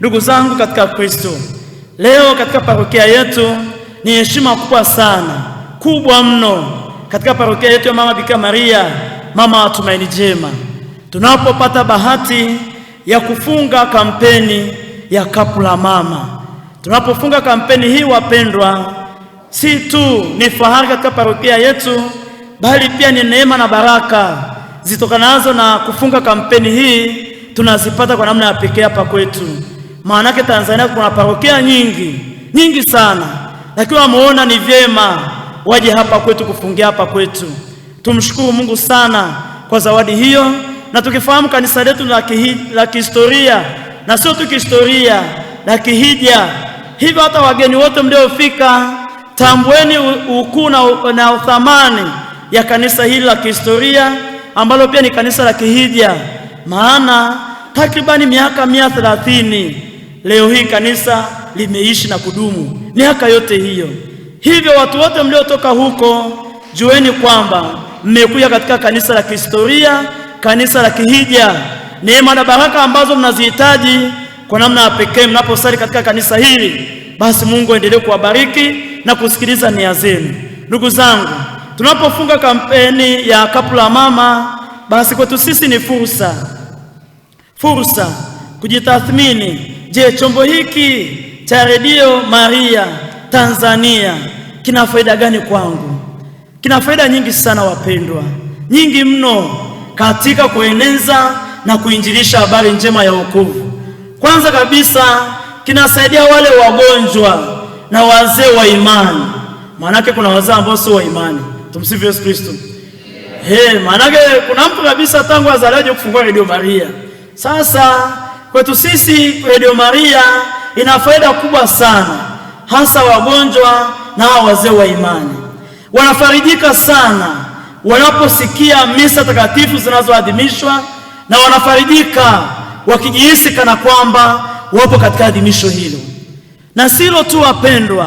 Ndugu zangu katika Kristo, leo katika parokia yetu ni heshima kubwa sana, kubwa mno, katika parokia yetu ya Mama Bikira Maria, mama wa tumaini jema, tunapopata bahati ya kufunga kampeni ya Kapu la Mama. Tunapofunga kampeni hii, wapendwa, si tu ni fahari katika parokia yetu, bali pia ni neema na baraka zitokanazo na kufunga kampeni hii tunazipata kwa namna ya pekee hapa kwetu. Maanake Tanzania kuna parokia nyingi nyingi sana, lakini wameona ni vyema waje hapa kwetu kufungia hapa kwetu. Tumshukuru Mungu sana kwa zawadi hiyo, na tukifahamu kanisa letu la kihistoria na sio tu kihistoria, la kihija. Hivyo hata wageni wote mliofika, tambueni ukuu na uthamani ya kanisa hili la kihistoria ambalo pia ni kanisa la kihija, maana takribani miaka mia thelathini Leo hii kanisa limeishi na kudumu miaka yote hiyo. Hivyo watu wote mliotoka huko, jueni kwamba mmekuja katika kanisa la kihistoria, kanisa la kihija. Neema na baraka ambazo mnazihitaji kwa namna ya pekee mnaposali katika kanisa hili, basi Mungu aendelee kuwabariki na kusikiliza nia zenu. Ndugu zangu, tunapofunga kampeni ya Kapu la Mama, basi kwetu sisi ni fursa fursa kujitathmini Je, chombo hiki cha redio Maria Tanzania kina faida gani kwangu? Kina faida nyingi sana wapendwa, nyingi mno katika kueneza na kuinjilisha habari njema ya wokovu. Kwanza kabisa kinasaidia wale wagonjwa na wazee wa imani, maanake kuna wazee ambao sio wa imani. Tumsifu Yesu Kristo. Hey, eh, maanake kuna mtu kabisa tangu azaliwaje kufungua redio Maria sasa Kwetu sisi Radio Maria ina faida kubwa sana, hasa wagonjwa na wazee wa imani wanafarijika sana wanaposikia misa takatifu zinazoadhimishwa na wanafarijika wakijihisi kana kwamba wapo katika adhimisho hilo. Na silo tu, wapendwa,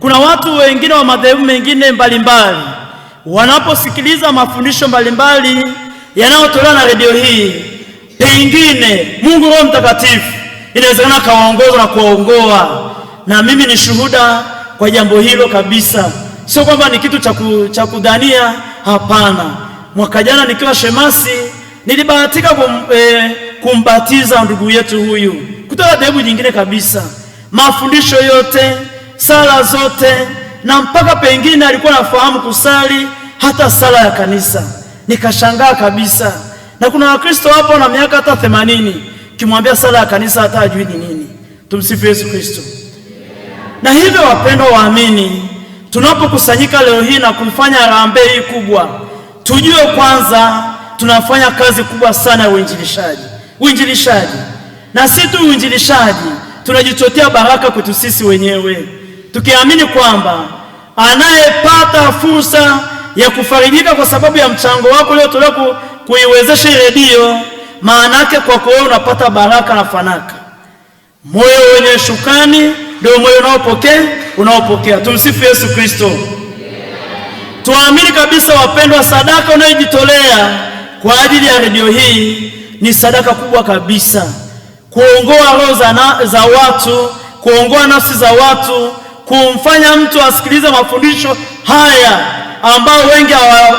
kuna watu wengine wa madhehebu mengine mbalimbali wanaposikiliza mafundisho mbalimbali yanayotolewa na redio hii pengine Mungu Roho Mtakatifu inawezekana akawaongoza na kuwaongoa, na mimi ni shuhuda kwa jambo hilo kabisa. Sio kwamba ni kitu cha kudhania, hapana. Mwaka jana nikiwa shemasi nilibahatika kum, eh, kumbatiza ndugu yetu huyu kutoka dhehebu nyingine kabisa. Mafundisho yote, sala zote, na mpaka pengine alikuwa anafahamu kusali hata sala ya kanisa. Nikashangaa kabisa na kuna Wakristo hapo na miaka hata themanini, ukimwambia sala ya kanisa hata ajui ni nini. Tumsifu Yesu Kristo. Na hivyo wapendwa waamini, tunapokusanyika leo hii na kumfanya rambe hii kubwa, tujue kwanza tunafanya kazi kubwa sana ya uinjilishaji. Uinjilishaji na si tu uinjilishaji, tunajichotea baraka kwetu sisi wenyewe, tukiamini kwamba anayepata fursa ya kufarijika kwa sababu ya mchango wako uliotolewa kuiwezesha redio, maana yake kwa kuwa unapata baraka na fanaka. Moyo wenye shukrani ndio moyo unaopokea unaopokea. Tumsifu Yesu Kristo. Tuamini kabisa wapendwa, sadaka unayojitolea kwa ajili ya redio hii ni sadaka kubwa kabisa, kuongoa roho za watu, kuongoa nafsi za watu, kumfanya mtu asikilize mafundisho haya ambao wengi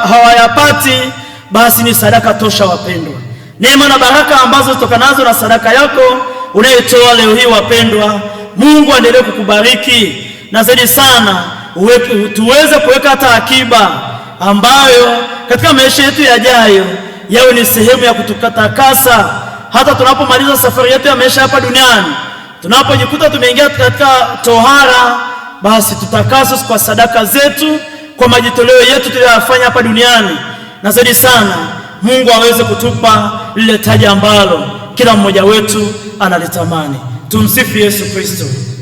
hawayapati hawa basi ni sadaka tosha, wapendwa. Neema na baraka ambazo zitokanazo na sadaka yako unayotoa leo hii, wapendwa, Mungu aendelee kukubariki na zaidi sana uwepo, tuweze kuweka hata akiba ambayo katika maisha yetu yajayo yawe ni sehemu ya kututakasa hata tunapomaliza safari yetu ya maisha hapa duniani, tunapojikuta tumeingia katika tohara, basi tutakaswe kwa sadaka zetu, kwa majitoleo yetu tuliyoyafanya hapa duniani na zaidi sana Mungu aweze kutupa lile taji ambalo kila mmoja wetu analitamani. Tumsifu Yesu Kristo.